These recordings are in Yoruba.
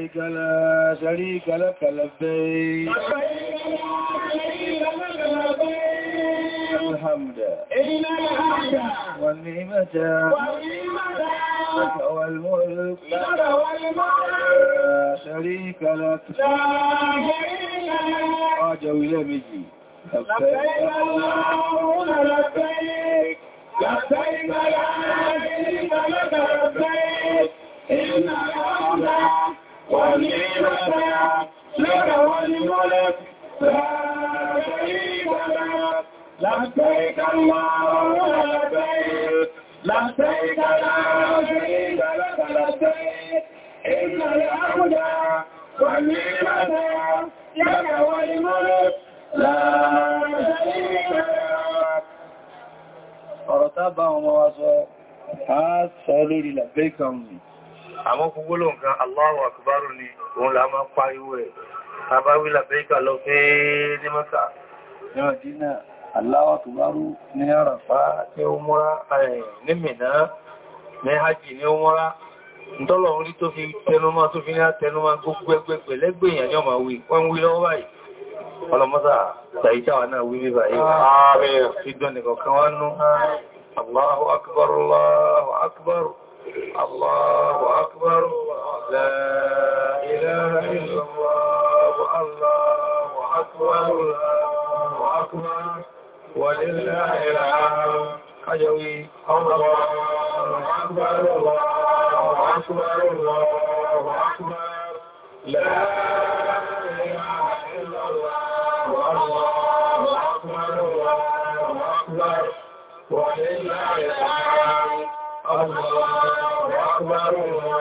لبيك لا شريك لك لبيك الحمد والنعمة لك والملك لا شريك لك راجع إلى مجي لبيك اللهم لبيك لبيك لا شريك لك لبيك إن الحمد ونعمة لك والملك لا شريك لك لبيك اللهم لبيك لبيك لا شريك لك لبيك إن الحمد والنعمة لك والملك لا شريك لك ọ̀rọ̀ tábà ọmọ wa sọ a sọ lórí làbẹ́ ìkàmù àmọ́ gbogbo ló nǹkan Allahu Akbar ni òun la máa pariwo ẹ̀ tàbáwí làbẹ́ríkà lọ fẹ́ ní mọ́ta ní Allahu Akbar ní àràfá ní òmúra ní Mínà ní hajji ní òmúra ntọ́lọ̀ orí tó fi tẹnumọ́ tó fi ní àtẹnumọ́ gbogbo الله أكبر لا إله إلا الله الله أكبر الله أكبر ولله العالم حيوي الله أكبر الله أكبر الله أكبر لا الله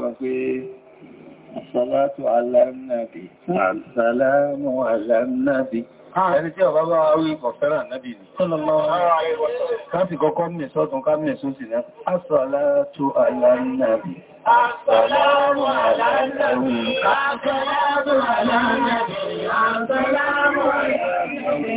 sára pé àsàlátù aláàrínàbì àsàlámù aláàrínàbì ah. ẹni tí ọ̀bá bá wá wí kọ̀fẹ́ràn nábì ní láti kọ́kọ́ mẹ́ sọ́tún ká mẹ́ sósì náà àsàlátù aláàrínàbì àsàlámù aláàrínàbì àsàlámù aláàrínàbì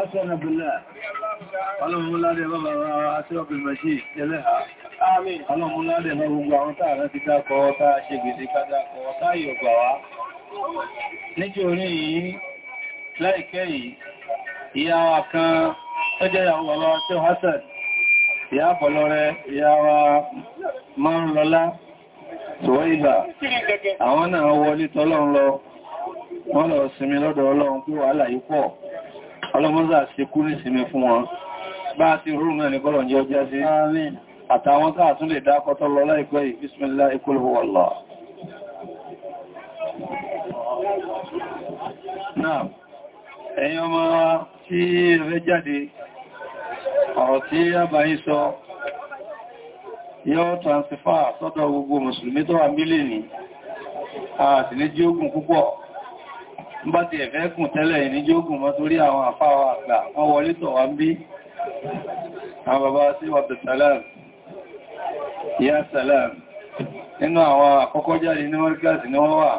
a بالله اللهم لا دي بابا واسرق المشي لها ha اللهم لا دي بابا وغوتا رتكا كوتا ìyá wa lọ lọ ọlọ́mọ́sà ṣe kú ní sinmi fún wọn bá ti rú náà ní kọ́lọ̀ jẹ́ ọjá sí àtàwọn káà tún lè dákọ́tọ́ lọ láìpẹ́ ìbísmìlá ikúlù náà ẹ̀yin ọmọ tí ẹ̀fẹ́ jáde ọ̀rọ̀ tí a bá yí sọ yóò transfer sọ́dọ̀ gbogbo mùsùlùmí tó wà mílì ní àti bá ti ẹ̀fẹ́ kùn tẹ́lẹ̀ ìníjógùn mọ́ torí àwọn àfáwà àgbà wọ́n wọlé tọ̀ wá ń bí àwọn bàbá sí wàbẹ̀ salam ya salam nínú àwọn àkọ́kọ́ jáde ní mọ́ríkàsì ní wọ́n wà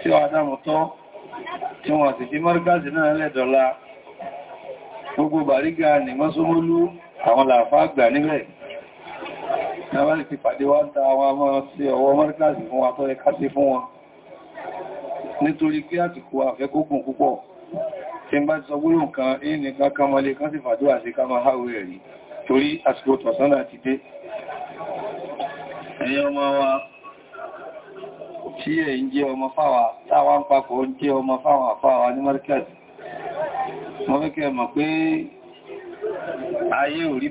tí wọ́n adámù tọ́ tí wọ́n sì fi mọ́ríkàsì náà lẹ́dọ̀lá gbogbo bàrígà ní mọ́súnmọ́lú àwọn làfá àgbà níbẹ̀ Tàbí ti pàdé wá ń ta àwọn ọmọ sí ọwọ́ mọ́ríkàsì fún wa tó ẹ̀ká sí fún wọn nítorí kí àtìkò àfẹ́kógùn púpọ̀ tí ń bá ti sọ gbóló nǹkan ní kankan mọ́lé kan sì fàdó àti ká máa háwé ẹ̀rí torí àsìkò tọ̀sán láti dé ẹ̀yin ọmọ wa tí ẹ̀ jẹ́ ọmọ fáwà táwa ń papọ̀ ń jẹ́ ọmọ fáwà fáwà ní market mo fẹ́ kẹ́ mọ̀ pé ayé ò rí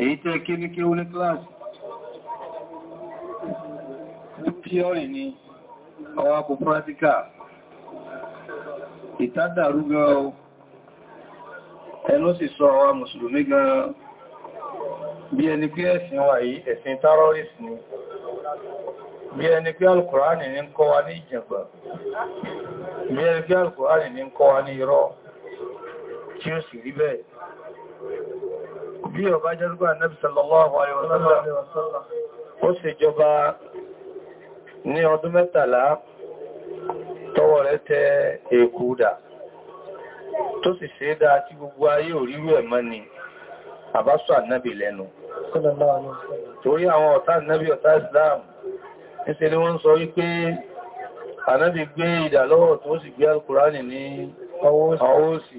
èyí tẹ́ kí ní kí ó ní kíláàsì ní píọ́rì ni ọwápò pàtíkà ìtàdàrú gan sọ mùsùlùmí gan bí ẹni pé ẹ̀sìn wà yìí ẹ̀sìn terrorist ni bí ẹni pé alkùránì ní kọ́ wa ní ìjẹ̀gbà bí ẹni pé alkùránì ní kọ́ bí ọba jẹ́rùgbà Nábì sallallahu alaihi wasallam ó sì jọba ní ọdún mẹ́tàlá tọwọ́ rẹ̀ tẹ èkú dà tó sì ṣe dá tí gbogbo ayé òríru ẹ̀mọ́ ni àbásọ lẹ́nu torí àwọn ọ̀tá ànábì ọ̀tá Islam níṣẹ́ ni wọ́n sọ wípé ànábì gbé ìdà lọ́wọ́ tó sì gbé al ní ọwọ́ òsì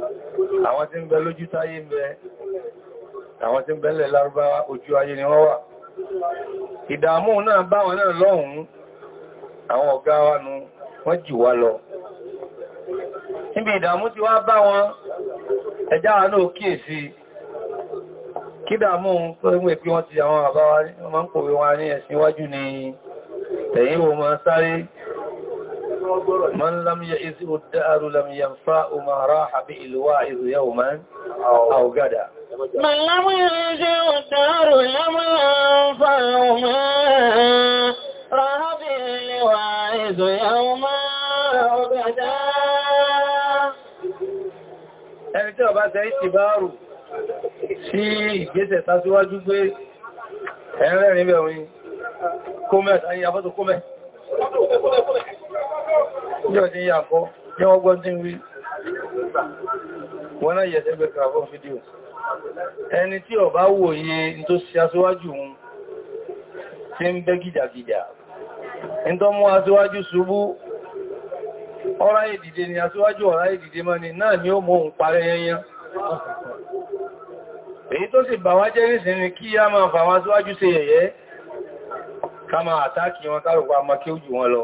àwọn tí ń bẹ lójú táyé ń bẹ àwọn tí ń bẹ́lẹ̀ lárúbáwá ojú ayé ni wọ́n wà ìdààmú náà bá wọn náà lọ́hùn àwọn ọ̀gá wa nu wọ́n jù wá lọ níbi ìdààmú tí wá bá wọn ẹjá wa náà kíyèsí kí dààmú pẹ̀lú èpí wọ́n ti àwọn àbáwá ní ọmọ ń pòwé wọn ní ẹ̀sìn iwájú من لم يئسه الدار لم ينفع ما راح به الواعظ يوما أو غدا من لم يئسه الدار لم ينفع ما راح به الواعظ يوما أو غدا ẹni tí ọba tẹ́ ìtìbáàrù sí ìgbésẹ̀ tásíwájú pé ẹ̀rẹ́rìn bẹ̀rún kómẹ̀ àyíyàfọ́tò kómẹ̀ yóò ni ya ní ọgbọ́n tí ń wí wọ́n náà yẹ̀ tẹ́gbẹ̀ kàfọ́ fídíò ẹni tí ọ bá wòye tó sí aṣíwájú hun tí ń bẹ́ gìjàgìjà ní tó mú aṣíwájú ṣubú ọ̀rá ìdìde ni aṣíwájú ọ̀rá ìdìde mọ́ni náà ni ó mú òun parẹ́ èyí tó sì bà wá jẹ́ kí máa fà wọn aṣíwájú ṣe yẹ̀yẹ́ ká máa àtákì wọn àmọ́ kí wọn lọ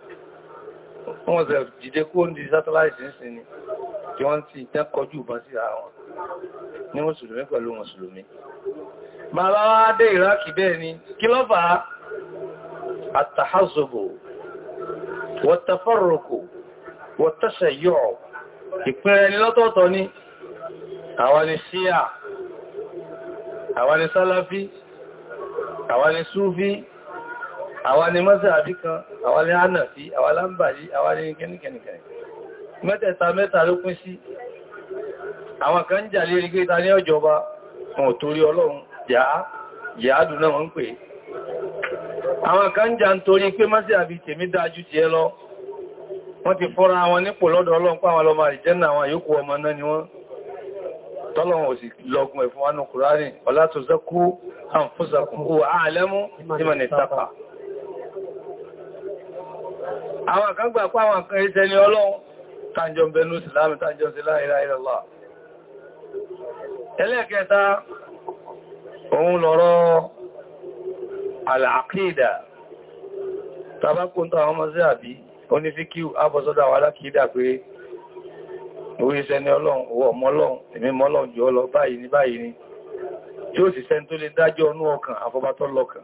wọ́n ṣe jìde kó ní sátáláìtì ń sin ni tí wọ́n ti tẹ́ kọjú ìbọn sí àwọn ní mùsùlùmí pẹ̀lú mùsùlùmí bàbá wá dé ìrákì bẹ́ẹ̀ ni kí ló fà àtàhásòbò wọ́tafọ́rọ̀kò wọ́tẹ́sẹ̀yọ́ ìpínlẹ̀ ni ni àwọn ni àwọn ni sálàfí àwọn ni súfí àwa ni mọ́sẹ̀ àbí kan àwa ni hánà sí àwa lámbà yìí àwa ni kẹ́nìkẹ́nìkẹ́ mẹ́tẹ̀ẹ̀ta mẹ́ta ló pín sí àwọn kan jà ta ní ọjọba wọn ò torí ọlọ́run yàá dùn náà wọ́n ń pè àwọn kan jà ń torí pé àbí dájú ti ẹ wọ́n ti fọ́ra wọn nípò lọ́dọ̀ ọlọ́run pa àwọn àwọn ni wọ́n àwọn kan gbà pé àwọn kan ẹsẹ ni ọlọ́run tàjọ bẹnu ìsìlámi tàjọ sí láìlá ìrọ̀lá ẹlẹ́ẹ̀kẹta òun lọ́rọ̀ àlàákìdà tàbákùntà àwọn ọmọ sí àbí onífíkíù ábọ̀sọ́dà wà lákìdà pé orí iṣẹ́ ni ọlọ́run owó ọmọ ọlọ́run èmi mọ́ ọlọ́run jù ọlọ báyìí ní báyìí ni tí ó sì sẹ́ni tó lè dájọ́ ọnú ọkàn àfọbátọ́ lọ́kàn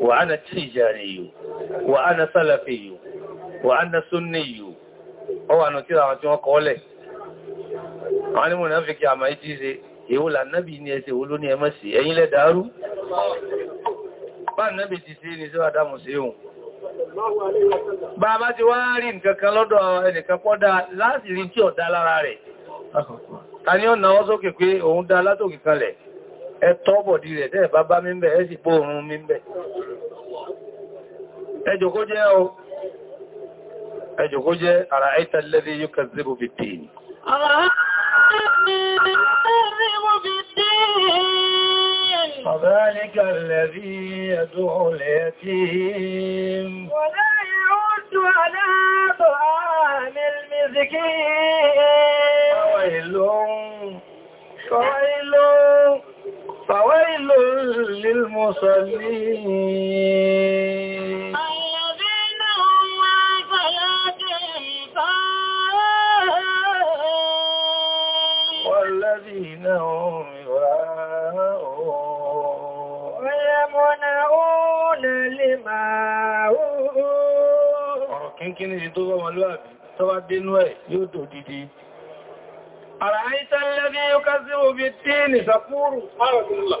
وأنا تيجاني وأنا سلفي وأنا سني أو أنا كده عم تقول àwọn mùnáfíkì àmà ìtí ṣe èwo là náàbì ní ẹsẹ̀ olú ní ẹmọ́ sí ẹ̀yin lẹ dàrú bá náàbì ti ṣe ní sí àdámù sí ohun bá bá ti wá rí nǹkankan lọ́dọ̀ ẹnìkan pọ́dá láti rí tí ọ̀dá lára rẹ̀ ta ni ó náwọ́ pé òun dá látòkè kanlẹ̀ ẹ tọ́bọ̀dì rẹ̀ tẹ́ bá bá mímbẹ̀ ẹ sì bó oòrùn mímbẹ̀ ẹ jòkó jẹ́ ara aita alladhi yukazzibu bid-din فذلك الذي يدعو للمصلين الذين هم مع صلاتهم والذين هم يراءون ويمنعون لما هو كنكن tó bá wọn lóàbí tó bá dénú ẹ̀ yóò dò dìdí أرأيت الذي يكذب بالدين فقول قال الله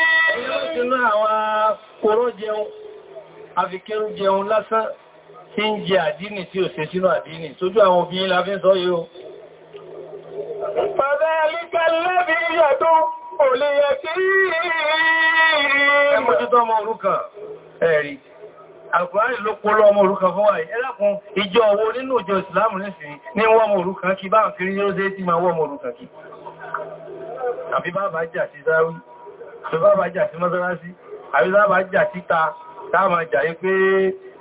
Ilé ìsinú àwọn kòró jẹun, àfikẹ́rú jẹun lásán tí ń jẹ àdínì tí ò se sínú àdínì, tójú àwọn obìnrin la fi ń sọ yìí o. Fàdá alíkà lẹ́bí yàtọ̀ òlè yàtí ẹmọ̀jútọ́ ọmọ òrukàn ẹ̀rí. Àkùránì ló polo ọmọ òrukàn fún wáyé. Ẹlẹ́kùn ìjọ owó nínú ìjọ ìsìlámù nísìnyí ní wọ́n ọmọ òrukàn kí bá ń kiri ní ó dé tí máa wọ́n ọmọ òrukàn kí. Àbí bá bá jà sí sáwí. Ṣọ́bá jà sí mọ́sánásí, àrílábà jà síta, táàmà jà yí pé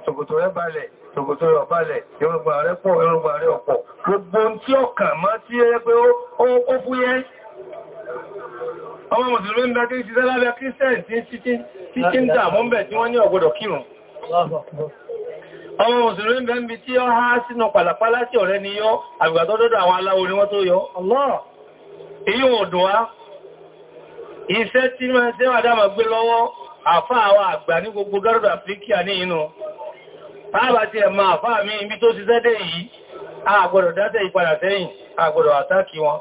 ṣòkòtò rẹ̀ balẹ̀, ṣòkòtò rẹ̀ balẹ̀, ìrùngbà rẹ̀ pọ̀, ìrùngbà rẹ̀ ọ̀pọ̀. Gbogbo tí ọkàn mọ́ tí ẹ pé ó fúyẹ́. Ọmọ Mùsùlùmí ń bẹ tí ń ṣiṣẹ́ lábẹ́ Kírísẹ̀n tí ń dà mọ́m̀bẹ̀ tí wọ́n ní ọ̀gbọ̀dọ̀ kírùn ọmọ mùsùlùmí bẹ́ ń bí tí ó há sínú pàlàpálá sí ọ̀rẹ́ ni yọ́ àgbàtọ́dọ́dọ̀ àwọn aláwo ni wọ́n tó yọ́. èyí ò dùn á iṣẹ́ tí máa ṣe àdámà gbé lọ́wọ́ àfá àwọn àgbà ní gbogbo gárùdù Áfíríkà ní inú pàábà ti ẹ̀mà àfá mi ibi tó ti sẹ́dẹ̀ yìí àgbọ̀dọ̀ dátẹ̀ ìpadà sẹ́yìn àgbọ̀dọ̀ àtàkì wọn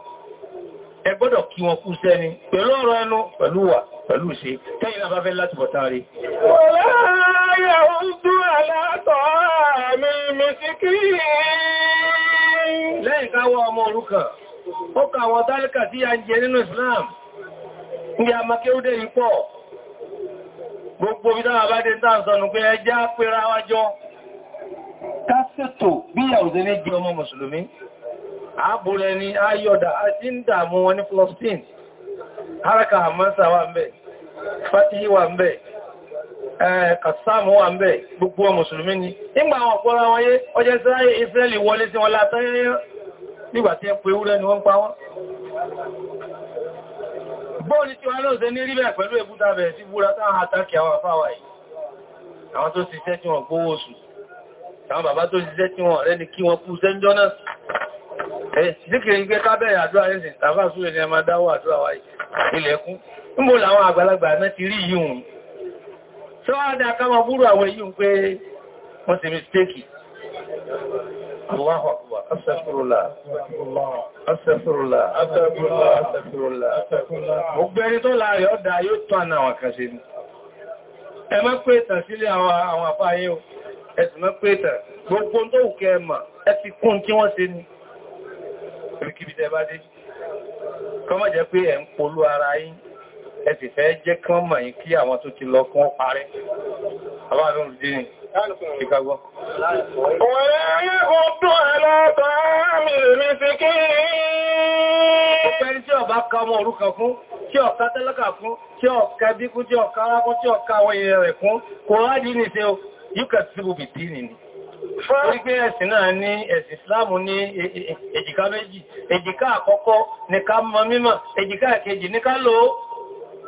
ẹ gbọ́dọ̀ kí wọn kú sẹ́ni pẹ̀lú ọ̀rọ̀ ẹnu pẹ̀lú wà pẹ̀lú ṣe tẹ́yìn náà bá fẹ́ láti bọ̀tán rí lẹ́yìn káwọ́ ọmọ òrukàn ó kà àwọn Islam Ndí àmàkéúdé ìpọ̀, gbogbo bí dáwà bá dé dáǹsọ̀nù pé ẹjá pèrà wájọ́. Kásẹ̀tò bí àwùzẹ́ ní jẹ ọmọ Mùsùlùmí, àbúrẹ ni àti ń dàmú wọn ní Haraka Hamasa wà ń bẹ̀, Fatihi wà ń bẹ̀, wà ń bẹ̀, gbogbo ọmọ Mùsùlùmí ni. Nígbà àwọn ọ̀pọ̀ra wáyé, ọjọ́ Israẹ́lì Israẹ́lì wọlé sí wọn látọ́ nígbà tí ẹ pé ni wọ́n pa bóò ní tí wọ́n lọ́ọ̀ṣẹ́ ní rí bẹ̀rẹ̀ pẹ̀lú èbúta bẹ̀rẹ̀ sí búra táwọn àtàkì àwọn àfáwà yìí àwọn tó ṣiṣẹ́ tí wọ́n gbówó oṣù àwọn bàbá tó ṣiṣẹ́ tí wọ́n rẹ́ ni kí wọ́n kú sẹ́ńjọ́ náà síkìrì ni a máa dáwọ́ àdúrà wa ilẹ̀kún ń الله أكبر أستغفر الله أستغفر الله أستغفر الله أستغفر الله gbogbo ẹni tó láàrẹ ọ̀dá yóò tọ́ àna àwọn kan ṣe ní ẹ má pé ìtàn sílẹ̀ àwọn àfáyé o ẹ sì má pé ìtàn gbogbo tó wù kẹ́ ẹ̀mà ẹ ti kún tí wọ́n ṣe ní ẹ̀rìkìbìtẹ̀ bá dé kọ́mọ̀ jẹ́ pé ẹ̀ ń polú ara yìí ẹ sì fẹ́ jẹ́ kí wọ́n mọ̀ yín kí àwọn tó ti lọ kún parẹ́ àbáwọn olùdíyìn ìgbàgbọ́. Ọ̀pẹ́ni tí ọba ka ọmọ òrùka fún, tí ọ̀ka tẹ́lẹ́kà fún, tí ọ̀ka bíkú, tí ọ̀ka arákún, tí ọ̀ka àwọn èèyàn rẹ̀ fún, kò rádìí ní ṣe yíkà tí ó bìtì nìní. Orí pé ẹ̀sìn náà ní ẹ̀sìn Ìsìláàmù ní e, e, e, èjìká méjì, èjìká àkọ́kọ́ ní ká mọ mímọ̀, èjìká kejì ní ká lòó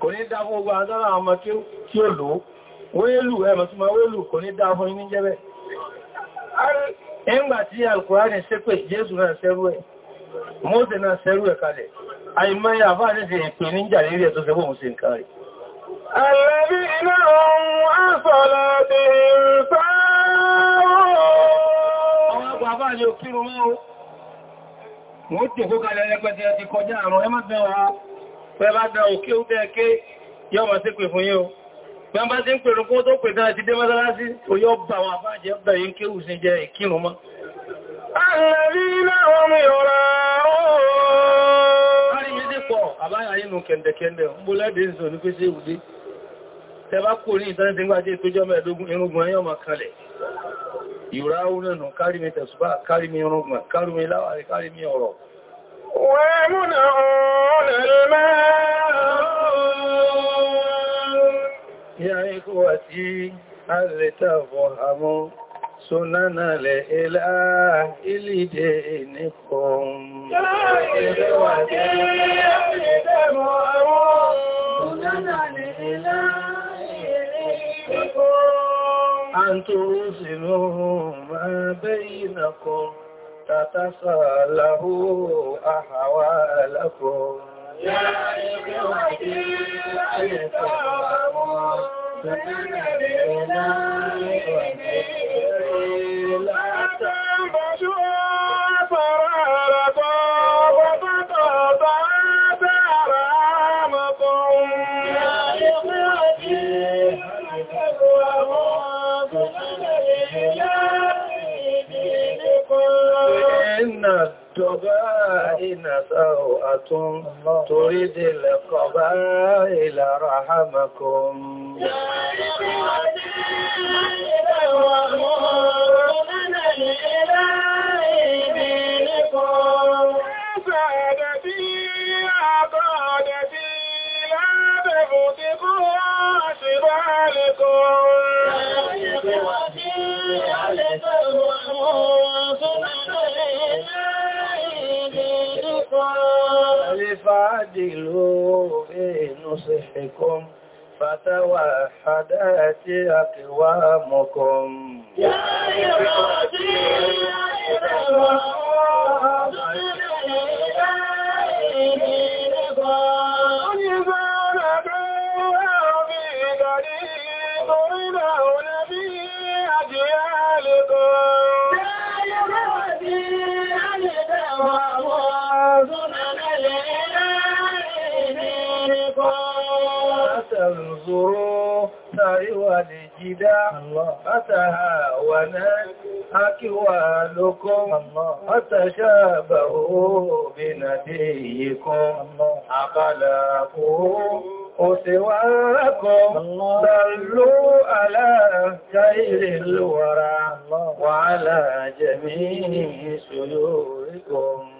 kò ní dá fún ogun àdára ọmọ kí ó lò wéèlù ẹmọ̀ tí ma wéèlù kò ní dá fún iní jẹ́bẹ̀ ẹgbà tí alkùránì ṣépè jésù náà ṣẹ́rú ẹ̀ mọ́sẹ̀ náà ṣẹ́rú ẹ̀ kalẹ̀ àìmọ́yà àfáà ní ṣe ìpè níjà lérí ẹ̀ tó ṣe bóhun pẹ́ bá dá òkè ó tẹ́ ké yọ́ ma sí pè fún yín o pẹ́ bá ti ń pèrò kó tó pè tánà ti dé mọ́sálásí oyó bá wọn àbájẹ́ bẹ̀ yí kéwù sí jẹ ìkírùn mọ́ Àbáyà nínú kẹ̀ndẹ̀kẹ̀ndẹ̀ ń bó lẹ́dẹ̀ ń sọ ní pé sí ìwúdé. Tẹbá kò ní ìtọ́jú tí ń gbájé mi tẹ̀sùbá, kárí mi irúgbọ̀n, kárí mi láwàrí, ومنعون المال يا إخوتي هل تفهموا سنن الإله لدينكم يا إخوتي هل تفهموا سنن الإله لدينكم أن ترسلوا ما بينكم تتساءلوا أحوالكم يا إخوتي الكرام من الإله والإله الجبائن سوءة تريد القبائل رحمكم الإله توحدت أقوامكم يا إرادي يا إرادي الهدى فتهاونت أكوانكم فتشابهوا بنبيكم أخلاقه سواكم صلوا على خير الورى وعلى جميع سيوركم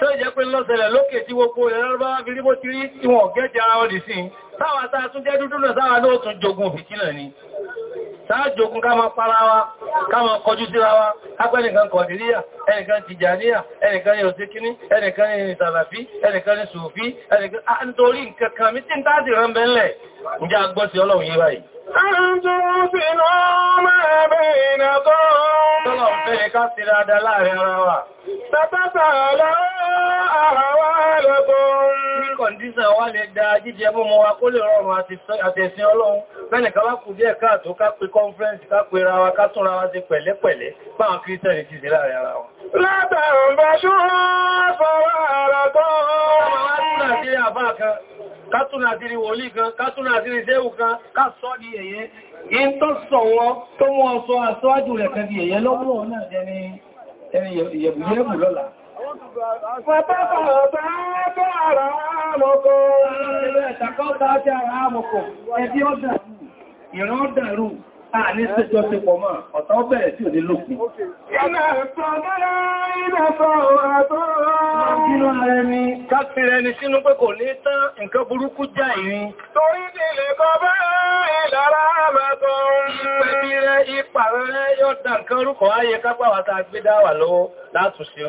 tó jẹ́ pé lọ́sẹ̀lẹ̀ lókè tí gbogbo ìrẹ́lọ́bá fi rí bó ti rí tí wọ́n gẹ́ẹ̀tì ara wọn dì sí táwà tàà tún jẹ́ dúdú náà sáwà lóòtún jogun fìtínà ni sáájú okun ká máa para wa ká máa kọjú síra wa kápẹ́ nìkan kọ̀dìríyà ẹnìkan tìjàníyà ẹnìkan ni òsíkíní ẹnìkan ni ìsàlàfí ẹnìkan ni sùfí ẹnìkan nítorí nǹkan rán kọ̀ndíṣàn wá lè da jíjẹ bó mọ́ wa kó lè rọrùn àtẹ̀sìn ọlọ́run mẹ́nìkan wá kù díẹ̀ káàtó ká pe kọ́nfẹ́ǹsì ká pe ra wa ká túnra wa ṣe pẹ̀lẹ́pẹ̀lẹ́ báwọn kírísẹ̀rì ti sí láàrin ara wọn. látàrùn bá ṣúra fọwọ́ ara tọ́ kan kan di sọ wọn lọ́kọ́ ẹ̀tàkọ́ta àti ara àmọ̀kọ̀ sí pọ̀ mọ́ ọ̀tọ́ bẹ̀rẹ̀ tí ò ní lókun. Ìrìnà ẹ̀tọ́ mọ́lá ìrìnàfọ́ ọ̀rọ̀ Ìjínú ààrẹ ni káfíìrẹ ni sínú pé kò ní tán nǹkan burúkú já ìrìn. Torí ilẹ̀ kọ bá ìlara àbàtọ̀ pẹ̀lú rẹ̀ ipa rẹ̀ yóò dá nǹkan orúkọ̀ ayé kápá wà tàà gbé dáwà lọ́wọ́ látùsírú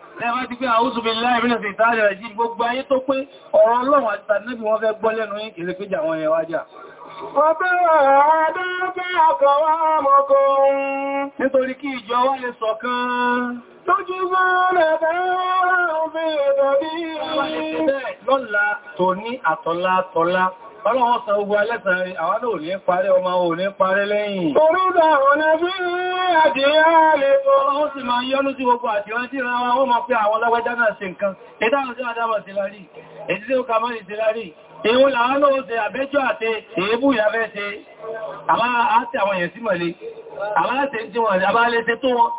lẹ́wọ́n ti pé àwúsùfẹ́ láìrìnà sí ìtàlẹ̀ rẹ̀ jí gbogbo ayé tó pé ọ̀rọ̀ Ọlọ́run àti tàbí wọ́n fẹ́ gbọ́ lẹ́nu yìí kìí péjà wọn ẹwàjá Nítorí kí ìjọ wá àtọ́lá, tọ́lá, Ọlọ́run san ogun alẹ́sàn àwọn náà ní parẹ́ ọmọ ò ní parẹ́ lẹ́yìn. Orúdà ọ̀nà bí àdíyà lè mọ́. Ọlọ́run sì máa yọ́nú sí gbogbo àdíwọ́n tí ìran wọn máa pé àwọn lọ́gbẹ́já náà ṣe nǹkan. Ìdáhùn sí àdámọ̀ sí lárí. Èdí tí ó ka mọ́ ìsí lárí. Èwo làwọn náà ṣe àbẹ́jọ́ àti èébù ìyàfẹ́ ṣe. Àmá àti àwọn èèyàn sí mọ̀lé. Àmá àti tí wọ́n àbá lè ṣe tó wọn.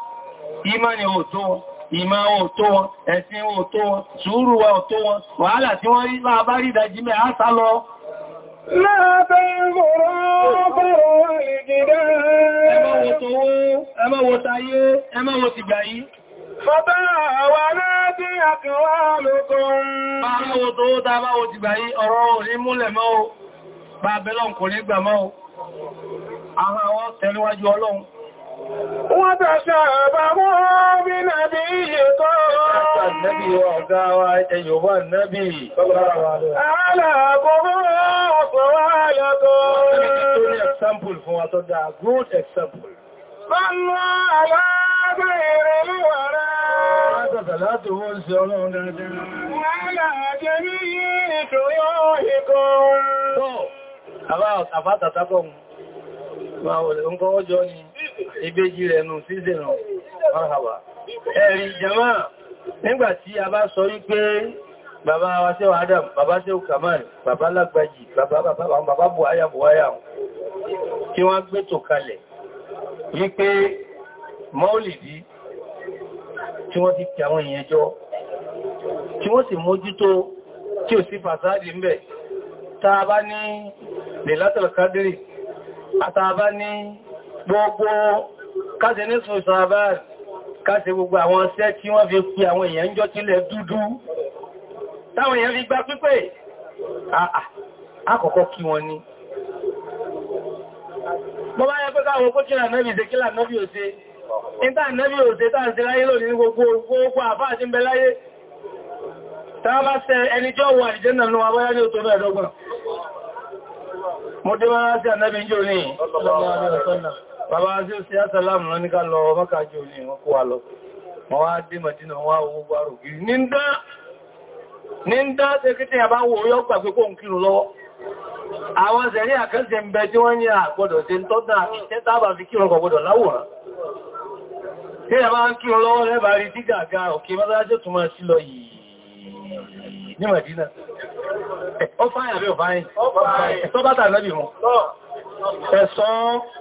Ìmọ̀ ni ò tó wọn ìmá ò tó wọn ẹ̀sìn ò tó wọn sùúrù wa ò tó wọn wàhálà tí wọ́n rí bá bá rí ìdájí mẹ́ àásá lọ ما بين غراب والجدال ẹ má wo tòwó ẹ má wo tayé ẹ má wo tìgbà yìí Fọ́bá wà láti àkọwà lókun. Máa wo tó dá bá wo ti gbà yí ọ̀rọ̀ orí o, bá bẹ́lọ̀ kò ní gbà o. Àwọn àwọn tẹ̀lúwájú Ọlọ́run. وتشابه بنبي قوم النبي وعزاوة أيها النبي على قبوص وعلى example fún wa tó dáa good example. Sọ́nà aláàbẹ̀rẹ̀ níwàrá. Látàtà láti wọ́n sí ọlọ́run dáadáa. Mọ́lá jẹ́ ní ìtòyọ́ ìkọ́. Tó, àbá àbátàtàbọ̀ ìbejì rẹ̀ nù sí ìdènà ọ̀hàwà ẹ̀rì jama nígbàtí a bá sọ wípé bàbá wa ṣe wà Adam bàbá ṣe Kamal bàbá lágbàjì bàbá buhaya buhaya kí wọ́n gbé tò kalẹ̀ wípé mọ́ọ̀lìdí tí wọ́n ti kí àwọn èèyàn jọ tí wọ́n sì mójútó tí ò sí fàsáàdì ń bẹ̀ tàbá ní lè látàlá kádìrì àtàbá ní gbogbo káṣe ní sùn sàbá káṣe gbogbo àwọn ṣẹ́ tí wọ́n fi pí àwọn èèyàn jọ tílẹ̀ dúdú táwọn èèyàn fi gba pípé àkọ́kọ́ kí wọn ní bọ́ bá yẹ pé káwọn kó kí lànàbì ṣe kí lànàbì ò ṣe níta ànàbì ò ṣe táà ṣe láyé lónìí gbogbo gbogbo àfáà ti ń bẹ láyé táwọn bá ṣe ẹnijọ́ wà ìjẹ́ nànú abáyá ní òtò mo dé wá sí ànàbì ń jò ní ọlọ́lọ́ bàbá tí ó sí àtàlámù rán ní ká lọ mọ́kàájú ní wọ́n kó wa lọ wọ́n wá dé Mẹ̀dínà wọ́n owó bá rò gírí ní ń dá ní ń dá tẹ́kítẹ́ àbá wo yọ́ gbà pé kó ń kírun lọ́wọ́ àwọn zẹ̀rí àkẹ́sẹ̀ ń bẹ tí wọ́n ní àgbọ́dọ̀ ṣe ń tọ́dá àkíṣẹ́ tábà fi kírun kò gbọ́dọ̀ láwòrán a máa ń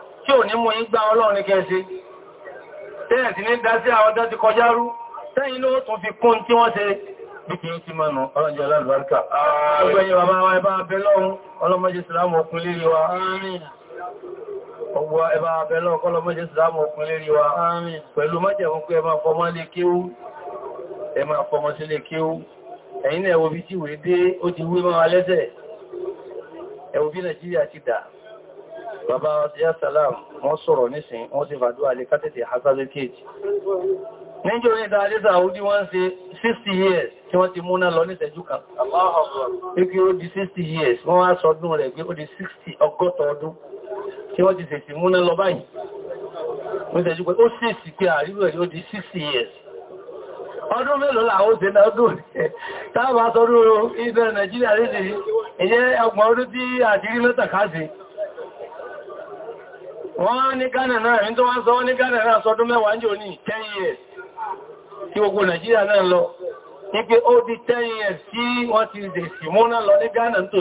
tí ò ní mú yín gbá ọlọ́run ní kẹsí tẹ́yẹ̀ sí ní dá sí àwọn ọjọ́ ti kọjá rú tẹ́yìn ló tún fi kún tí wọ́n ṣe bí kìí ti mọ́nà ọlọ́njẹ́ aláàlùbáríkà ọgbẹ̀yìn bàbá wa ẹbá abẹ́ lọ́run ọlọ́mọdé ìsìlámù ọkùn lérí wa ọgbọ̀ ẹbá abẹ́ lọ́run ọlọ́mọdé ìsìlámù ọkùn lérí wa pẹ̀lú mọ́jẹ̀mú pé ẹ máa fọmọ́ lé kéwú ẹ máa fọmọ́ sí lé kéwú ẹ̀yìn ẹ̀wọ̀ bí tí wèé dé ó ti wé máa lẹ́sẹ̀ ẹ̀wọ̀ bí Nàìjíríà ti dà bàbá ya salam wọ́n sọ̀rọ̀ nísìn wọ́n sì fàdó alikátẹ̀tẹ̀ hasazin kéèjì níjò ní ìdájí Saudi wọ́n ṣe 60 years tí wọ́n ti múná lọ ní ìṣẹ́jú kan ikú years wọ́n wá sọdún rẹ̀ pé ó di 60 ọgọ́ta ọdún tí wọ́n ti sèsì múná lọ báyìí years ọdún mélòó làwọn òṣèlú ọdún tábà sọdún ilẹ̀ Nàìjíríà lè ṣe ìyẹ́ ọgbọ̀n ọdún tí àjírí mẹ́tàkásí wọ́n ní Ghana náà ẹni tó wọ́n sọ wọ́n ní Ghana náà sọdún mẹ́wàá jò ní 10 years Nàìjíríà náà lọ ní pé ó di years tí wọ́n ti dè lọ ní Ghana tó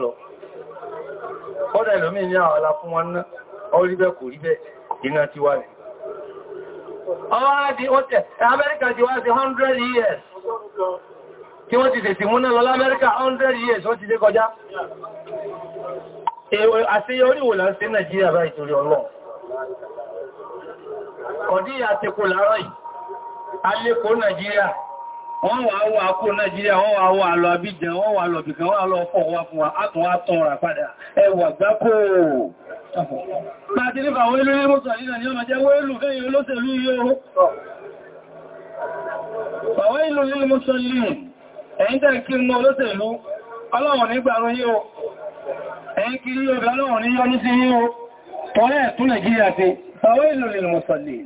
lọ lọ ìlúmí ní àwọn wọn náà ó rí kò rí iná wà ní Amẹ́ríkà ti wá sí 100 years tí wọ́n ti tẹ̀sí múná lọ l'Amẹ́ríkà 100 years wọ́n ti dé kọjá àṣeyọ oríwò là Nàìjíríà bá ìtorí ọlọ́ ọdí àtẹ́kò láàárọ̀ yìí alẹ́kò Nàìjíríà wọ́n wà wà kó Nàìjíríà wọ́n wà wà lọ wọ́n wà lọ ẹ̀yin tẹ́ kí ní olóṣèlú ọlọ́run ní gbàrún yí o kí yí obì ọlọ́run ní yọ́nú sí yí o tọ́lẹ̀ nàìjíríà ti sàwọ́ ìlú lè mọ̀sọ̀lẹ̀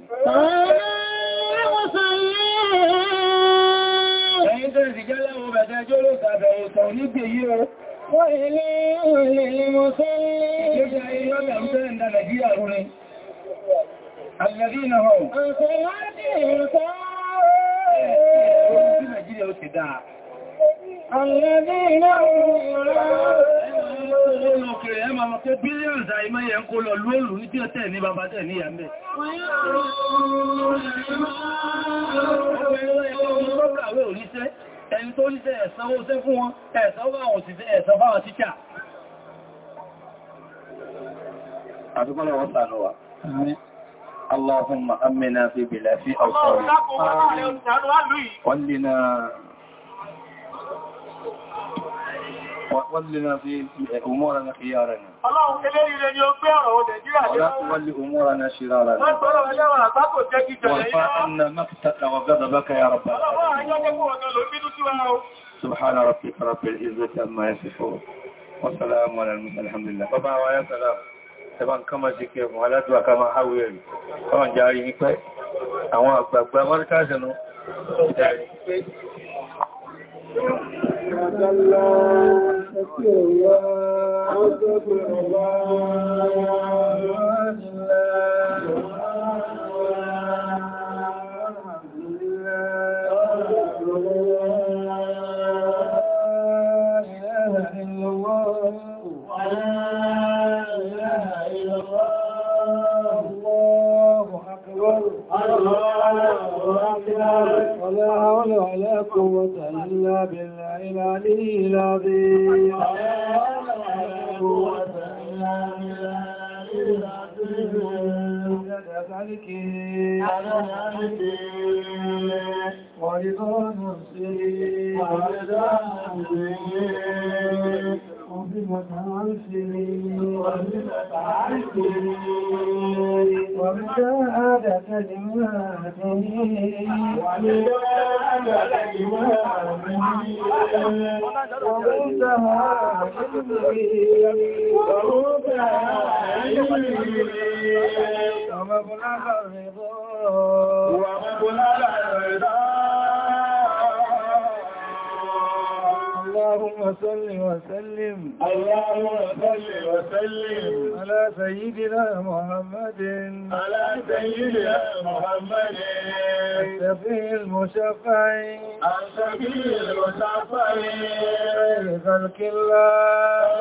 ẹ̀yin tẹ́ sì jẹ́ lẹ́wọ̀n bẹ̀ẹ́ jẹ́ olóṣàbẹ̀wò sọ onígbè yí o wọ́n ilé ìlú mọ̀sọ̀lẹ̀ الذين هم الذين Ẹni tó ní ṣe ẹ̀sánwó ṣe fún wọn, ẹ̀sánwó àwọn òṣìṣẹ́ ẹ̀sánwó àwọn tíṣà. Àdúgbọ́n wọn sànú wa. Allahumma amina fi bila fi ọ̀sán. Ọlọ́run lápò wọ́n láàrin òṣìṣẹ́ وولنا في أمورنا خيارنا ولا تولي أمورنا شرارنا وفاءنا مقتك وغضبك يا رب سبحان ربك رب العزة أما يصفون وسلام على المسلم الحمد لله بابا ويا سلام ẹbọn kan máa ṣe kí ẹ̀bùn aládùwà ká máa háwé ẹ̀rì àwọn àgbàgbà mọ́ríkásìnú jàrí pé أستغفر الله أستغفر الله ومبلغ الرضا ومبلغ الرضا اللهم صل وسلم اللهم صل وسلم على سيدنا محمد على سيدنا محمد الشفيع المشفع الشفيع المشفع خير خلق الله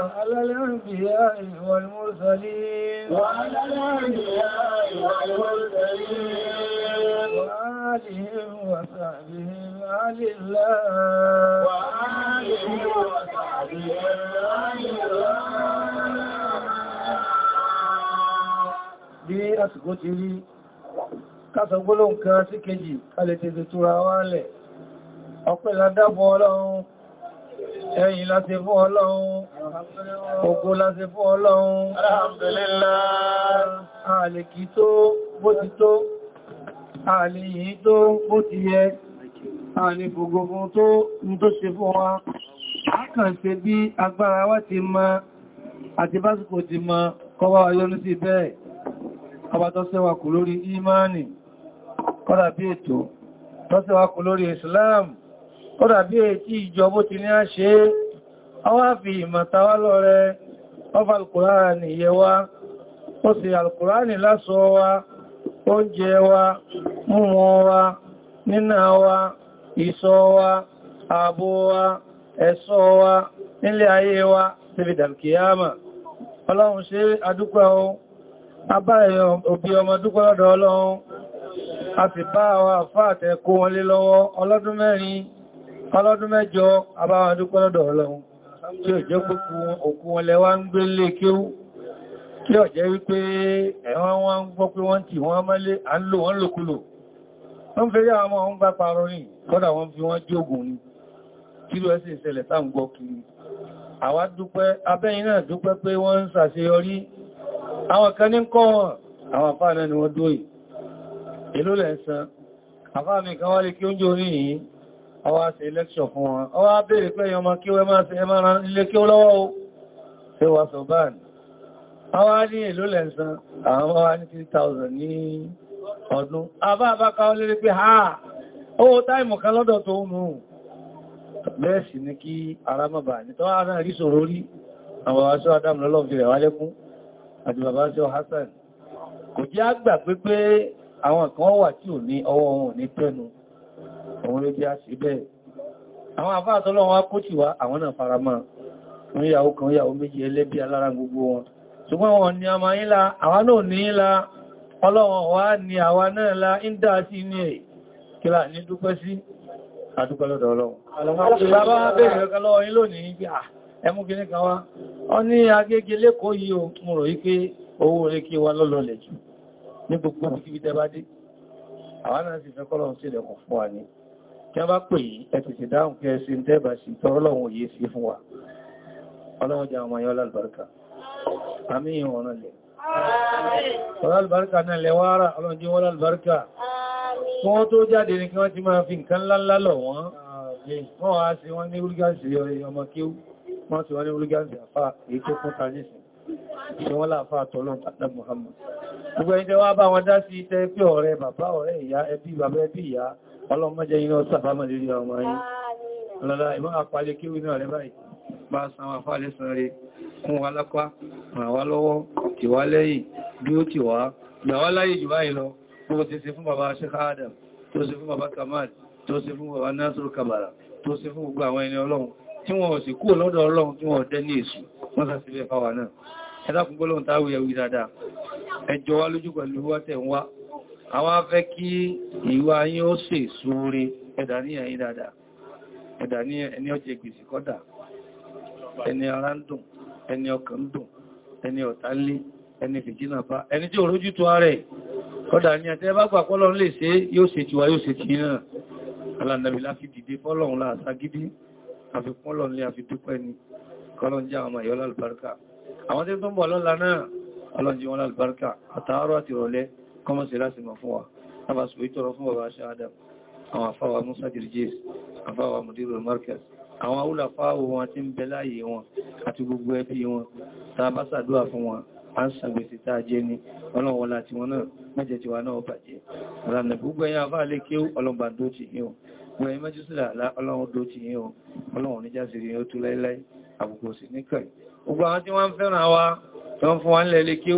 وعلى الأنبياء والمرسلين وعلى الأنبياء والمرسلين آله وصحبه آل الله وآله وصحبه آل الله bí àsìkò ti rí kásọ gbólóhùn kan sí kejì kalẹ̀ ti ti túra wálẹ̀ ọpẹ́ ládábọ̀ ọlọ́run ẹ̀yìn láti fún ọlọ́run ògo láti fún ọlọ́run àlèkì tó bó ti tó àlèyí tó ó ti yẹ àlè gbogbo tó ń tó ṣe fún wa àkànṣe bí agbára wa ti mọ àti básìkò ti mọ kọwa ayọ́nú sí bẹ́ẹ̀ ọba tó ṣẹ́wà lórí ìmáànì kọ́dà bí ètò tó ṣẹ́wà lórí Islam kọ́dà bí ètí ìjọbó ti ní a ṣe ọwá fi ìmọ̀tawá lọ rẹ ọba alkùránì yẹwa ó sì alkùránì lásọ wa oúnjẹ wa múmọ wa nínà wa ìṣọ́ wa ààbò wa ẹ̀ṣọ́ wa nílé ayé wa David dàlkìyàmà ọlọ́run ṣe adúpẹ́ ohun abáyẹ̀ òbí ọmọ dúpẹ́ lọ́dọ̀ ọlọ́run a sì bá àwọn àfáàtẹ̀ kó wọn ọlọ́run tí ò jẹ́ òkú wọn kí ó jẹ́ wípé ẹ̀wọ́n wọ́n ń gbọ́ pé wọ́n tí wọ́n mọ́lé à ń lò wọ́n lòkulò wọ́n fẹ́ yá àwọn ọmọ gbápa rọrìn kọ́dà wọ́n fi wọ́n jógun ní kí ló ẹsẹ̀ ìṣẹ̀lẹ̀ tá ń gbọ́ kiri àwa dúpẹ́ abẹ́yìn náà dúpẹ́ pé wọ́n àwọn ní èlò lẹ́sàn àwọn wá ní 3,000 ní ọdún àbá àbáká ó lérí pé ha owó táìmù kan lọ́dọ̀ tó ń mú bẹ́ẹ̀ sì ní kí ara mọ́bà ní tọ́wọ́ ara rí sòrò rí àwọn aṣọ́ adam lọ́lọ́m Hassan kò jẹ́ àgbà pé pé àwọn kan wà tí ò ní ọwọ́ wọn ò ní tẹ́nu òun ló jẹ́ àṣì bẹ́ẹ̀ àwọn àfáà tọ́lọ́wọ́n á kan yàwó méjì ẹlẹ́bí alára gbogbo wọn ṣùgbọ́n wọn ni a máa yínlá àwa náà ní yínlá ọlọ́wọ̀n wá ní àwa náà lá ń dáa sí ní ẹ̀ kí lá ní dúpẹ́ sí àdúpẹ́ lọ́dọ̀ ọlọ́run ah, àwọn náà sì fẹ́ kọ́lọ̀un sí ilẹ̀kùn fún wa ní tí a bá pè yí ẹ̀tìsì dáhùn kí ẹ sí ń tẹ́bà sí tọ́rọlọ́wọ̀n yìí sí fún wa ọlọ́wọ́n jẹ́ àwọn ọmọ yọ́ lálùbáríkà àmín ọ̀nà lẹ̀. Ọ̀rọ̀ albarka náà lẹ́wàárà ọlọ́njí wọ́n albarka. Kí wọ́n tó jáde ní kí wọ́n ti máa fi nǹkan ńláńlá lọ wọ́n. Wọ́n wá sí wọ́n ní Ulgasi ọmọ kí wọ́n sí wọ́n ní Ulgasi àfá èyí tó Muhammad. Gbogbo ẹni tẹ́ wá bá wọn dá sí tẹ́ pé ọ̀rẹ́ bàbá ọ̀rẹ́ ìyá ẹbí bàbá ẹbí ìyá ọlọ́mọjẹ́ iná sàbámọ̀ lórí ọmọ yìí. Ọlọ́lá ìmọ́ àpàlẹ́ kéwì náà rẹ̀ báyìí kún wa lápá ràn wá lọ́wọ́ tì wá lẹ́yìn dúró tì wá gbà wá láyé jù báyìí lọ bó ti ṣe fún bàbá Sheikh Adam tó ṣe fún bàbá Kamal tó ṣe fún bàbá Nasiru Kabara tó ṣe fún gbogbo àwọn ẹni Ọlọ́run tí wọ́n sì kúrò lọ́dọ̀ Ọlọ́run tí wọ́n dẹ́ ní èṣù wọ́n sá síbẹ̀ fáwà náà ẹ̀dàkùn gbọ́lọ́run táwí ẹwì dáadáa ẹjọ́ wá lójú pẹ̀lú ẹni ara ń dùn ẹni ọkàn ń dùn ẹni ọ̀tá lé ẹni fìjínà bá ẹni tí òrójú tó ààrẹ kọ́dà ní ẹ̀tẹ́ bá gbà pọ́lọ́run lè ṣe yóò ṣe tiwa yóò ṣe ti náà alànàbí láfi dìde fọ́lọ́run láàṣà gidi àfi pọ́lọ́run lè àfi dúpẹ́ ni kọ́lọ́n jẹ́ àwọn ìyọ́lá albarka àwọn tí tó ń bọ̀ lọ́la náà ọlọ́njẹ́ wọn albarka àtàárọ̀ àti ìrọ̀lẹ́ kọ́mọ̀sí láti mọ̀ fún wa lábàṣùgbé tọrọ fún bàbá ṣáádà àwọn àfáwà musa jirgis àfáwà mudirul markaz àwọn awúlàfáàwò wọn tí ń bẹ láyé wọn àti gbogbo ẹbí wọn ta bá ṣàdúrà fún wọn a ń sàgbèsè tàà jẹ́ ni ọlọ́wọ́lá tí wọ́n náà mẹ́jẹ̀ tí wà náà bàjẹ́ ọ̀lànà gbogbo ẹ̀yà afá lè kí ọlọ́mbà dó ti yíò gbogbo ẹ̀yà mẹ́jọ́sílà ọlọ́run dó ti yíò ọlọ́run níjà sí yíò tó láíláí àbùkù sí níkẹ̀ gbogbo àwọn tí wọ́n fẹ́ràn wa tí wọ́n fún wa ń lẹ́lẹ́ kí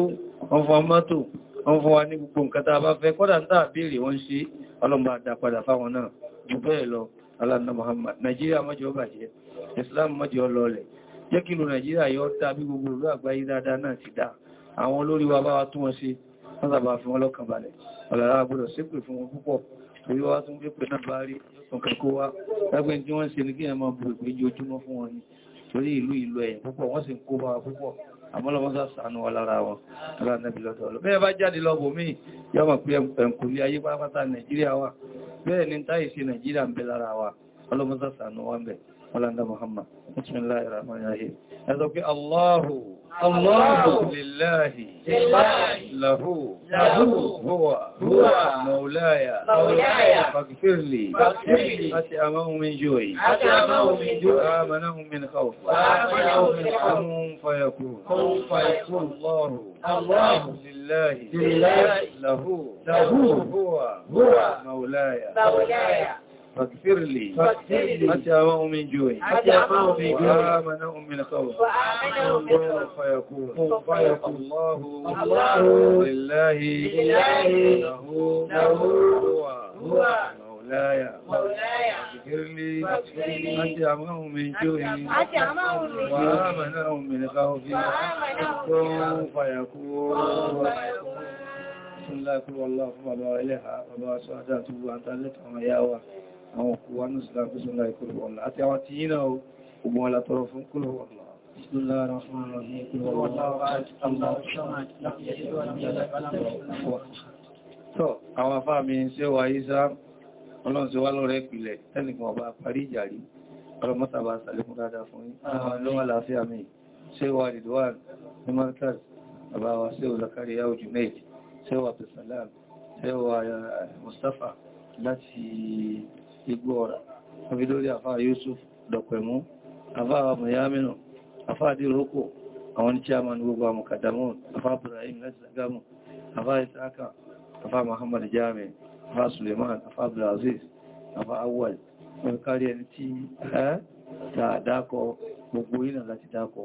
wọ́n fún wa mọ́tò wọ́n fún wa ní gbogbo nǹkan tá a bá fẹ́ kọ́dà ń tàbí ìrì wọ́n ṣe ọlọ́mbà àdàpadà fáwọn náà jù bẹ́ẹ̀ lọ aláàdá Muhammad Nàìjíríà mọ́jọ bàjẹ́ Islam mọ́jọ lọlẹ̀ jẹ́ kí lò Nàìjíríà yọ dá bí gbogbo ìlú àgbáyé dáadáa náà ti dá àwọn olórí wa bá wa tún wọn sí wọ́n sábà fi wọn lọ́kàn balẹ̀ ọ̀làrá gbọ́dọ̀ ṣépè fún wọn púpọ̀ torí wá tún pé pé náà bá rí ọkàn kó wá lágbẹ́ tí wọ́n ń ṣe ní kí ẹmọ bù ìpé ojoojúmọ́ fún wọn ni torí ìlú ìlú ẹ̀yìn púpọ̀ wọ́n sì ń kó bá wa púpọ̀ sàánú wa lára wọn lára nẹ́bí lọ́dọ̀ bẹ́ẹ̀ bá jáde lọ́bọ̀ míì yọ́mọ̀ pé ẹ̀kùnlé ayé pátápátá Nàìjíríà wà bẹ́ẹ̀ ni táyì sí Nàìjíríà ń bẹ lára wa ọlọ́mọ́sásánú wa ń bẹ ọlọ́ndà Muhammad bismillahir rahmanir rahim ẹ sọ pé Allahu الله لله له هو هو مولاي فاغفر لي أتأمه من جوعي وآمنه من خوف أمهم فيكون الله الله لله له هو هو مولاي فاغفر لي أتعوى من جوعي وآمنه من خوف فيكون فيكون الله الله لله له هو هو مولاي اغفر لي أتعمه من جوعي وآمنه من خوفي كن فيكون بسم الله كل الله فما إليها وما سعداته وأنت لتهم يا وفي àwọn òkú wa ní ìsìlá bí sọ́lá ìkúrò ọ̀lá àti àwọn tí yínà ogun alátọrọ fún kúrò ọ̀lá بسم الله الرحمن الرحيم قل هو الله احد so àwọn afá mi ń ṣe wà ìsá ọlọ́run sí wá lọ́rẹ́ ìpìlẹ̀ tẹ́nìkan ọba parí ìjàrí ọlọ́mọ́tàbà sàlékún dáadáa fún yín lọ́wọ́ láàáfíà mi ṣe wà ìdíwà ní markaz bàbá wa ṣe wà zakari wà eh, mustapha láti igbó ọ̀rà àfi lórí àfáà Yusuf dọ̀pẹ̀mú àfáà mọ̀yámínú àfáà dìrókò àwọn ní chairman gbogbo àmọ̀ kàdàmọ́ àfáà Ibrahim láti sàgámù àfáà Isaka àfáà Muhammad Jami àfáà Suleiman àfáà Abdulaziz àfáà Awal wọ́n kárí ẹni tí ta dákọ gbogbo iná láti dákọ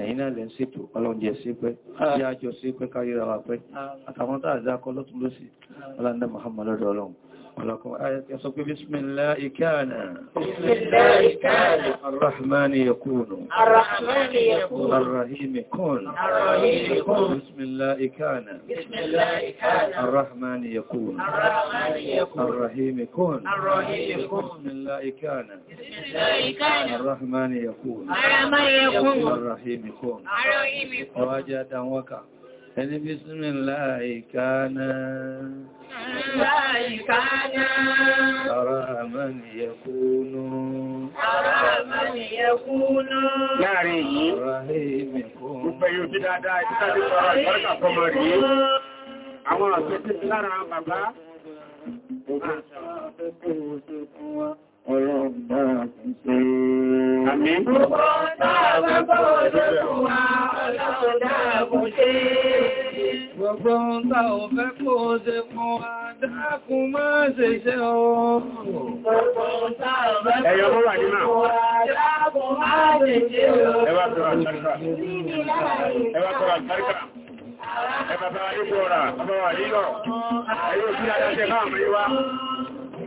ẹ̀yìn náà lẹ́ ń sètò ọlọ́njẹ sípẹ́ tí a jọ sípẹ́ kárí ra pẹ́ àtàwọn tàà lọ́tún lọ́sí ọlọ́ndà Muhammad lọ́dọ̀ ọlọ́run ولكم آية يصف بسم الله كان بسم الله كان الرحمن يكون الرحمن يكون الرحيم كون الرحيم يكون بسم الله كان بسم الله كان الرحمن يكون الرحمن يكون الرحيم يكون الرحيم يكون بسم الله كان بسم الله كان الرحمن يكون الرحمن يكون الرحيم يكون الرحيم يكون وجدا وكا يعني بسم الله كان الله كان أرى من يكون أرى من يكون láàrin yìí gbogbo yóò bí dáadáa ìtàdé sọ́rọ̀ ìgbàrẹ́kà fọmọ rí àwọn tí lára bàbá ọlọ́gbà ti ṣe. Àmì. Gbogbo táwọn kọ́ wa ọlọ́gbà kò ṣe. Gbogbo táwọn fẹ́ kó ṣe fún wa dákun máa ṣe ṣe ọ́. Gbogbo táwọn fẹ́ kó ṣe fún wa dákun máa ṣe ṣe ọ́. Ẹwà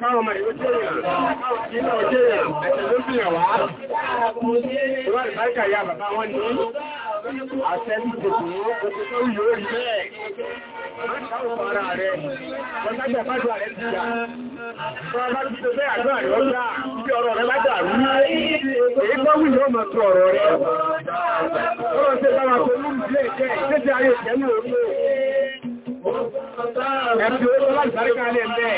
káwọn ọmọ ìlú jẹ́ ìyàn, káwọn ìlú jẹ́ ìyàn, ẹ̀sẹ̀ ló fi yàn wá. Ìwọ́n ìbáríkà ya bàbá wọn ní àṣẹ ní ìdòkú oṣù tó yìí ó rí bẹ́ẹ̀. Má ṣáwọ̀ ara rẹ̀, wọ́n sájà fájú ààrẹ ti jà. Wọ́n bá ti tó bẹ́ẹ̀ àjọ àrẹ ọjà, ibi ọ̀rọ̀ rẹ̀ lájà rú. Èyí tó wù yóò mọ̀ tó ọ̀rọ̀ rẹ̀. Ọlọ́run ṣe bá wa kó lóun sílé ìjẹ́ ìgbésí ayé ìjẹ́ ní orí. Ẹ̀fí ó lọ́lá ìbáríkà ní ẹ̀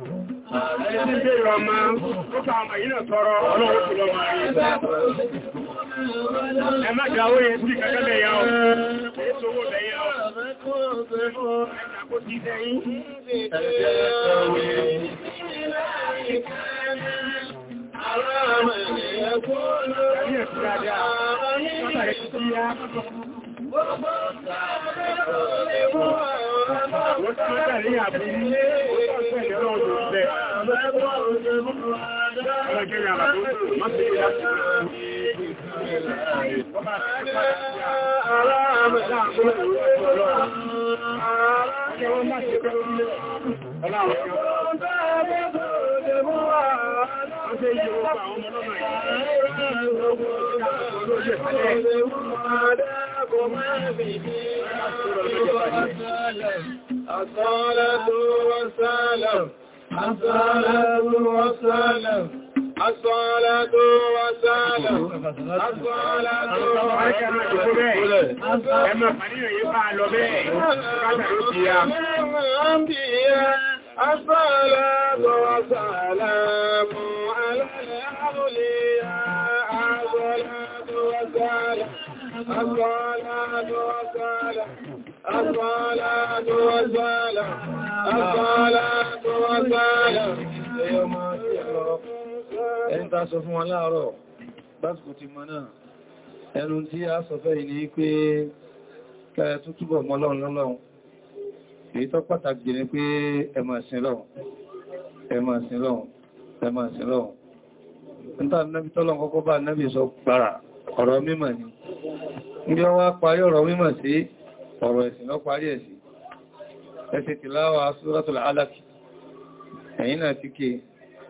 Ẹni tí ìrọ̀ máa ń kọ́kọ́ àmà yínà tọrọ ọlọ́run ti lọ máa rí. Ẹ má jáwó yẹn sí kẹ́kẹ́lẹ̀ yà ọ́. Ẹ sówó lẹ́yà ọ́. Ẹ̀nà kó ti dẹ́yìn. Ẹ̀yẹ̀ ó tí ó tẹ̀lé àbí ní ọ̀sẹ̀lẹ̀ ọ̀dọ̀ ìfẹ́ ọlọ́gẹ́rẹ́ àbàbó mọ́ sí ìyàtọ̀ Ọlọ́run kí ó ṣe yíò pa àwọn ọmọ lọ́nà ìgbẹ̀rẹ̀ ọgbọ̀n ìgbẹ̀rẹ̀ ọgbọ̀n ìgbẹ̀rẹ̀ الصلاة والسلام الصلاة والسلام الصلاة والسلام الصلاة والسلام الصلاة والسلام الضلال والضلال الضلال والضلال الضلال والضلال يوم انت sọ fún wa láàárọ̀ básìkò ti mọ̀ náà ẹnu tí a sọ fẹ́ ìní pé kẹ́ẹ̀ tó túbọ̀ mọ́ lọ́run lọ́lọ́run èyí tó pàtàkì ní pé ẹ máa lọ́run ẹ máa lọ́run ẹ máa lọ́run níta nábi tọ́lọ́n kọ́kọ́ bá nábi sọ gbára ọ̀rọ̀ mímọ̀ ni Ndí ọwá parí ọ̀rọ̀ mímọ̀ sí ọ̀rọ̀ ẹ̀sìn lọ parí ẹ̀sìn. Ẹsẹ̀ ti láwà Súratul Alaq. Ẹ̀yìn náà ti ké,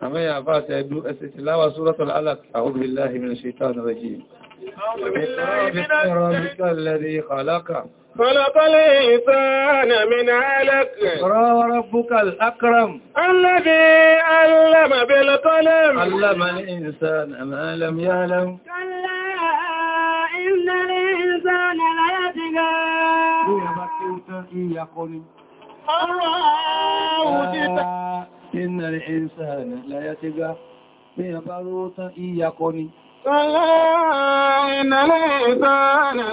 àmẹ́yà bá ṣe ẹgbú ẹsẹ̀ ti láwà Súratul Alaq, a'udhu billahi minash shaitanir rajim. خلق الإنسان من علق ربك الأكرم الذي علم بالقلم علم الإنسان ما لم يعلم ìyàkọni. Ọ̀rọ̀ òdìta. Iná rẹ̀ ìsànà láyá ti gá, ní àbá ìyàkọni. Ọ̀rọ̀ iná rẹ̀ ìsànà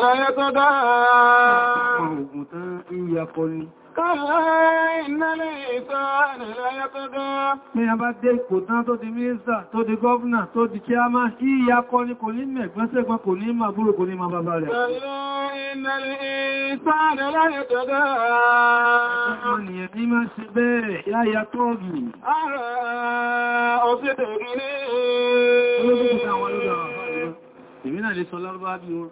Ní a bá dé ipò tán tó di mínísà, tó di gọ́ọ̀nà, tó di kí a máa kí ìyá kọ́ ní kò ní mẹ̀gbẹ́sẹ̀gbọ́n kò ní máa búrò kò ní máa bàbá rẹ̀. Ìmínà lè sọ lárúbá bí wọn,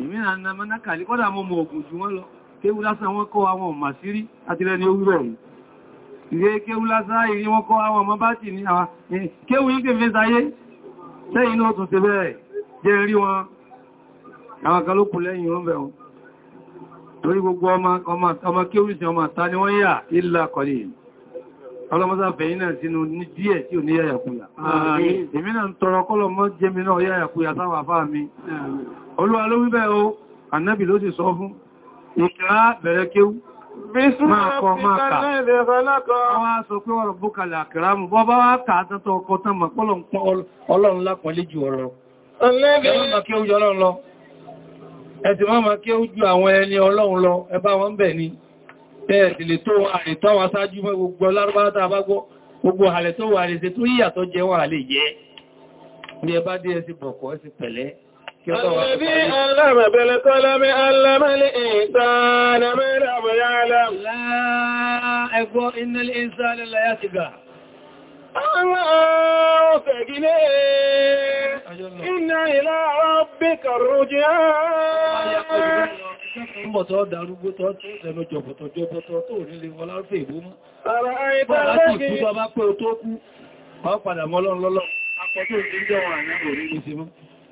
ìmínà nàmọ́ nákàlí, kọ́dà mọ́ mọ̀ ògùn jù wọ́n lọ kéwú lásán wọ́n kọ́ àwọn ọmọ sírí àti rẹ̀ ní orúrẹ̀ yìí ìwé kéwú lásán ìrí wọ́n kọ́ àwọn ọmọ bá ti ní àwọn kéwú yí kéfẹ́ sáyé sẹ́yìn náà tún ṣe bẹ́ẹ̀ jẹ́ rí wọn àwọn kan ló kù lẹ́yìn wọ́n bẹ̀rún torí gbogbo ọmọ kéwú sí ọmọ ta ni wọ́n yà ìlà kọ̀lì ọlọ́mọ́sá fẹ̀yìn náà sínú díẹ̀ tí ò ní yàyàkúyà. èmi náà ń tọrọ o ànábì ló ìkìrá bẹ̀rẹ̀ kéwú máa kọ máa kà àwọn aṣọ pé ọ̀rọ̀ bókalẹ̀ àkìrá mú bọ́ bá wá kà àtàtọ̀ ọkọ̀ tán mọ̀ pọ́lọ̀ ọlọ́run lápọ̀lé jù ọ̀rọ̀ gbogbo àlẹ̀ tó wà lè ṣe tó yíyà tó jẹ́ wà lè jẹ́ bí ẹ bá dé ẹsì bọ̀kọ̀ ẹsì pẹ̀lẹ́ Àlẹ́bí alámẹ̀bẹ̀lẹ̀ tọ́lámẹ́ alámẹ́lẹ̀ ìtànà mẹ́rẹ̀ àmọ̀yá alám. Ẹgbọ́ iná ìsá lẹ́lẹ̀ yá ti gà. Àwọn ọ̀fẹ́ gílẹ̀ iná ìlà ọ̀bí kàrò jẹ́ Mọ̀ tó darúgbó jọ̀bọ̀tọ̀ jọ̀bọ̀tọ̀ tó nílé wọlá fẹ́ ìbú mọ́. Àrà àìbá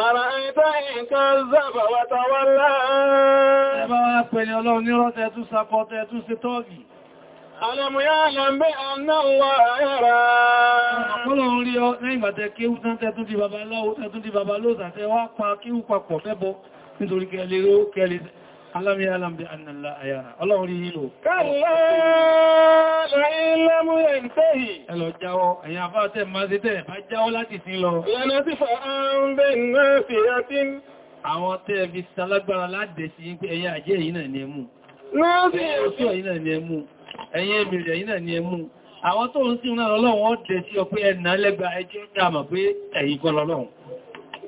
أرأيت إن كذب وتولى Ẹbá wá pẹ̀lú ọlọ́run ní rọ́tẹ̀ tún sàkọ́tẹ̀ tún sí tọ́gì. Alẹ́mù yá lẹ́m̀bẹ́ àná wà ẹ̀rà. Ọ̀pọ̀lọ̀ di bàbá lọ́wọ́ tẹ́tún di bàbá lóòsà tẹ́ wá pa alam ya'lam bi anna Allaha yara ọlọ́run rí nílò kálàá ìlàmú ẹ̀ntẹ́hì ẹlọ jáwọ́ ẹ̀yà afáàtẹ̀ máa sí tẹ́ bá jáwọ́ láti sí lọ lẹ́nà sí fà áhùn bẹ́ẹ̀ náà fi yàtín àwọn tẹ́ fi salágbára láàdẹ̀ sí pé ẹ̀yà àjẹ́ yìí náà ni ẹmú ẹ̀yìn ẹ̀mìrì yìí náà ni ẹmú àwọn tó ń sí náà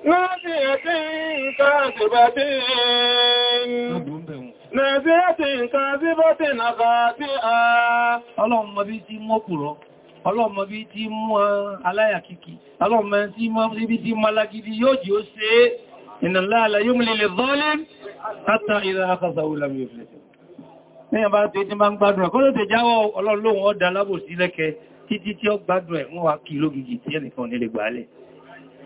نازية كاذبة نازية كاذبة خاطئة اللهم بيتي مكرو ọlọ́mọ bí tí mú aláyàkìkì ọlọ́mọ tí mọ́ ibi tí mọ́ alágidi yóò jí ó ṣe iná láàlá yóò múlẹ̀ lè zọ́lẹ̀ látà ìrà àkàsà olàmì ìfẹ̀ẹ́sẹ̀ ní ẹ̀bá tó tí bá ń gbádùn ẹ̀kọ́ ló tẹ jáwọ́ ọlọ́lọ́wọ́ ọdá lábòsí lẹ́kẹ títí tí ó gbádùn ẹ̀ wọ́n wá kí tí ẹnìkan nílé gbàálẹ̀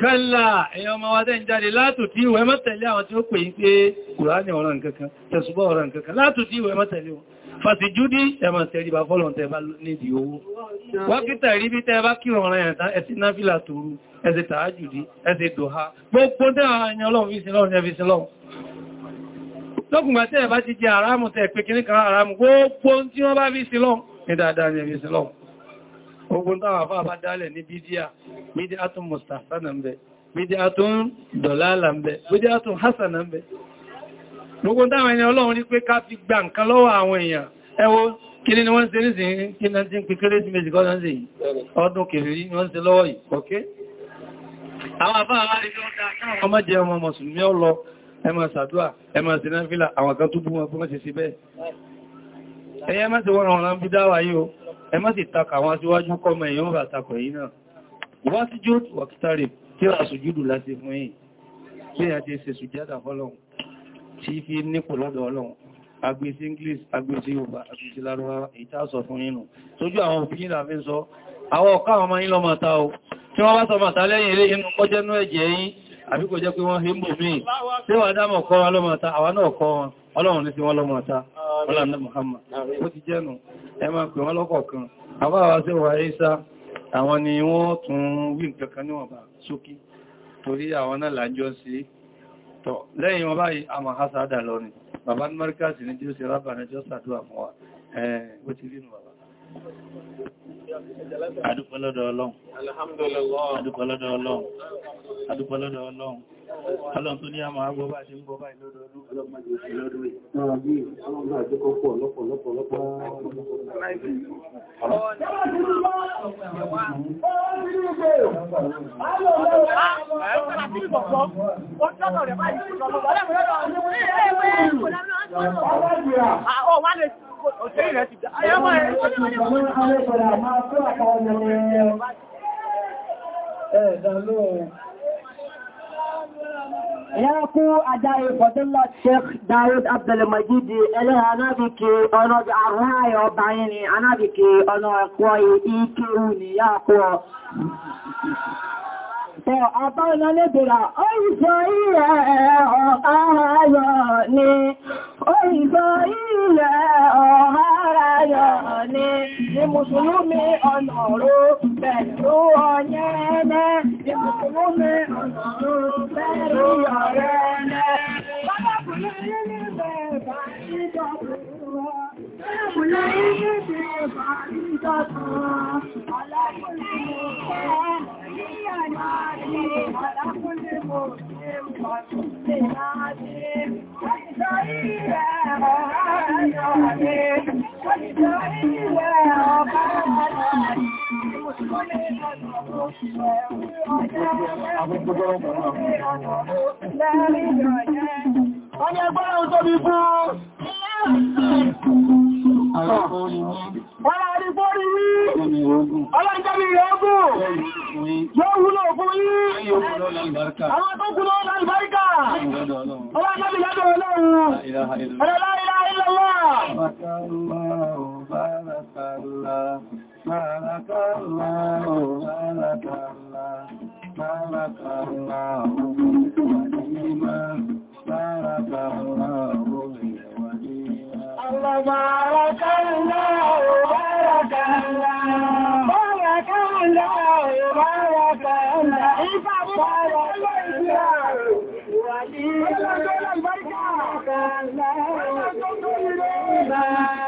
kálà èyàn ọmọ wádẹ́ ń jáde látò tí ìwẹ̀ mọ́tẹ̀lé àwọn tí ó pè ń pé kùránì ọ̀rọ̀ nǹkankan tẹ̀sùbọ́ ọ̀rọ̀ nǹkankan látò tí ìwẹ̀ mọ́tẹ̀lé wọn fàtí júdí ẹmà tẹ̀ríba fọ́lọ̀n tẹ̀bá nídi owó wákítà rí bí tẹ́ẹ̀bá kírùn ọ̀rọ̀ ẹ̀yàn ẹ̀sìn náfílà tóru ẹ̀sìn tààjùdí ẹ̀sìn dòhá gbogbo dáa ẹ̀yàn ọlọ́run fi sin bá ní dáadáa ni ogun táwà fà bá dálẹ̀ ní bídíà bídíà tún mustahsana ń bẹ bídíà tún dọ̀lálà ń bẹ bídíà tún hasana ń bẹ gbogbo táwọn ẹni ọlọ́run ní pé ká fi gba nǹkan lọ́wọ́ àwọn èèyàn ẹ wo kí ni wọ́n ń ṣe nísìnyí kí ni ti ń pe kérésìmesì kọ́nà sí ọdún kèfèrí ni wọ́n ń ṣe lọ́wọ́ yìí ok àwọn àbáwà rí lọ́dá káwọn ọmọ jẹ ọmọ mùsùlùmí ọlọ ẹ máa ṣàdúà ẹ máa ṣe náà fílà àwọn kan tó bú wọn fún mọ́ ṣe sí bẹ́ẹ̀ ẹ̀yẹ́ mẹ́sẹ̀ wọ́n rọrùn bí dáwà yìí o ẹ má sì takà wọn síwájú kọmọ èèyàn bà takọ̀ yìí náà wá sí jó wàkítàrí tí a sùjúdù láti fún yìí pé a ti ṣe sùjádà fọ́lọ́hun tí fi nípò lọ́dọ̀ ọlọ́hun agbésí English agbésí Yorùbá agbésí Lárúbáwá èyí tá sọ fún yínú sójú àwọn òfin ìlà fi ń sọ àwọn ọ̀ká àwọn ọmọ yín lọ́mọ ta o tí wọ́n bá sọmọ ta lẹ́yìn ilé inú kọjẹ́ ẹ̀jẹ̀ yín àbí jẹ́ pé wọ́n hé míì tí wọ́n dámọ̀ kọ́ wọn lọ́mọ ta àwa náà kọ́ wọn ọlọ́run ló fi wọ́n lọ́mọ ọ̀ta ọlọ́run Muhammad ó ti jẹ́nu ẹ máa pè wọ́n lọ́kọ̀ọ̀kan àbáwà sí wà ẹ́sá àwọn ni wọ́n tún wí nǹkankan níwọ̀n bá ṣókí torí àwọn náà lájọ́ sí tọ̀ lẹ́yìn wọn báyìí a máa hásà dà lọ ni bàbá ní márkàsì ní jíọ́sì rábà ní jọ́sà dúà fún wa bó ti rínú bàbá adúpẹ́lọ́dọ̀ ọlọ́run adúpẹ́lọ́dọ̀ ọlọ́run adúpẹ́lọ́dọ̀ ọlọ́run Ọlọ́run tó ní a máa gbọ́ bá Ya kú ajáyé Fọ̀dílá Sheikh Daud Abdulmajidi ẹlẹ́ anábìkì ọ̀nà àrùn-àyà ọba yìí ni anábìkì ọ̀nà ẹ̀kọ́ ìkéhù ni ya kú ọ. Tọ́ àbá ọ̀nà ó ìfẹ́ ìrẹ̀ ọ̀ká ayọ̀ Oríṣọ́ ilẹ̀ ọ̀hárá yọ ní ní Mùsùlùmí ọ̀nà ọ̀rọ̀ pẹ̀lú ọ̀yẹ́ẹ́nẹ́ ní Mùsùlùmí ọ̀nà ọ̀rọ̀ pẹ̀lú ọ̀rẹ́ẹ́nẹ́. Bọ́lọ̀kùnrin ní bẹ̀ẹ̀bà ìjọkùnrin, ọlọ́kùnrin mọ̀ Ọjọ́ ẹgbẹ́ ọ̀tọ́ bí fún Ọlá rí bórí rí, ọlá ìjẹ́bí rẹ̀ ọgùn, yóò wúlò fún yí, àwọn tó kúrò lálùbáríkà, ọlá ìjẹ́bí lọ́dọ̀ ọlọ́run, ọlá ìlàílọ́wà. Bárakallahu, bárakallahu, bárakallahu, بارك الله بارك الله بارك الله بارك الله بارك الله ولي بارك الله